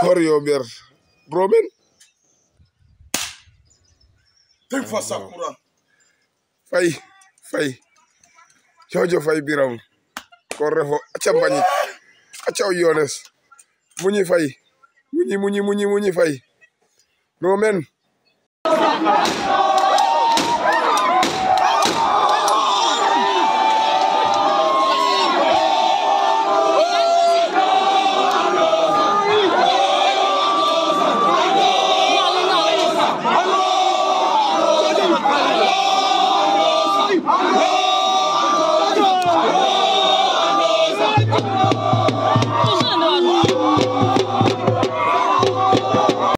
horyoɓer bromen tek fa fay fay jojo fay biram ko refo acca mbañik acca o muñi fay muñi muñi muñi muñi fay romen 好